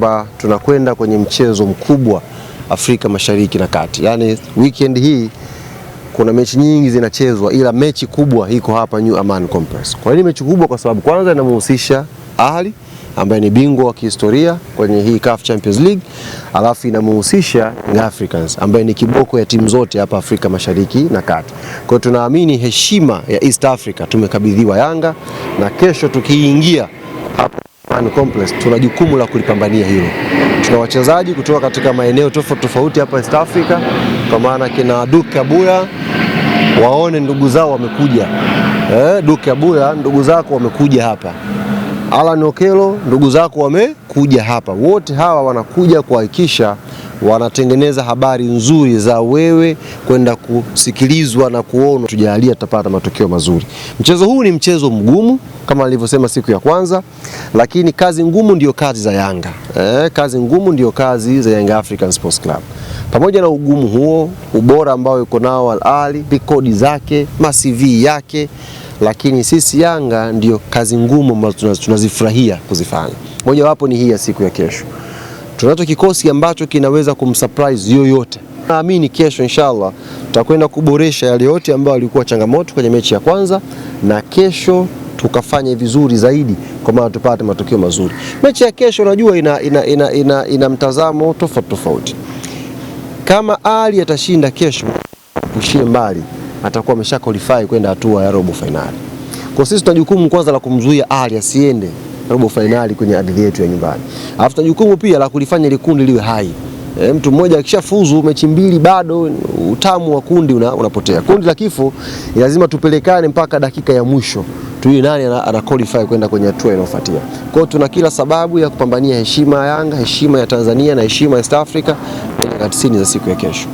kwamba tunakwenda kwenye mchezo mkubwa Afrika Mashariki na Kati, yaani weekend hii kuna mechi nyingi zinachezwa, ila mechi kubwa iko hapa New Aman Complex. Kwa nini mechi kubwa? Kwa sababu kwanza inamhusisha Ahli ambaye ni bingwa wa kihistoria kwenye hii CAF Champions League, alafu inamhusisha Young Africans ambaye ni kiboko ya timu zote hapa Afrika Mashariki na Kati. Kwa hiyo tunaamini heshima ya East Africa tumekabidhiwa Yanga, na kesho tukiingia hapa Amani Complex, tuna jukumu la kulipambania hilo. Tuna wachezaji kutoka katika maeneo tofauti tofauti hapa East Africa, kwa maana kina Duke Abuya waone ndugu zao wamekuja. Eh, Duke Abuya ndugu zako wamekuja hapa. Alan okelo ndugu zako wamekuja hapa, wote hawa wanakuja kuhakikisha wanatengeneza habari nzuri za wewe kwenda kusikilizwa na kuonwa. Tujalia tutapata matokeo mazuri. Mchezo huu ni mchezo mgumu kama alivyosema siku ya kwanza, lakini kazi ngumu ndio kazi za Yanga eh, kazi ngumu ndio kazi za Yanga African Sports Club. Pamoja na ugumu huo, ubora ambao yuko nao Al Ahly, zake, masivi yake lakini sisi Yanga ndio kazi ngumu ambazo tunazifurahia kuzifanya. Mojawapo ni hii ya siku ya kesho. Tunacho kikosi ambacho kinaweza kumsurprise yoyote. Naamini kesho inshallah tutakwenda kuboresha yale yote ambayo alikuwa changamoto kwenye mechi ya kwanza, na kesho tukafanye vizuri zaidi, kwa maana tupate matokeo mazuri. Mechi ya kesho unajua ina, ina, ina, ina, ina mtazamo tofauti tofauti. Kama Ali atashinda kesho, ushie mbali atakuwa amesha qualify kwenda hatua ya robo finali. Kwa sisi tuna jukumu kwanza la kumzuia Ali asiende robo finali kwenye ardhi yetu ya nyumbani, alafu tuna jukumu pia la kulifanya ile kundi liwe hai. E, mtu mmoja akishafuzu mechi mbili bado utamu wa kundi una, unapotea. Kundi la kifo lazima tupelekane mpaka dakika ya mwisho tujue nani ana qualify kwenda kwenye hatua inayofuatia. Kwa hiyo tuna kila sababu ya kupambania heshima ya Yanga, heshima ya Tanzania na heshima ya East Africa kwenye tisini za siku ya kesho.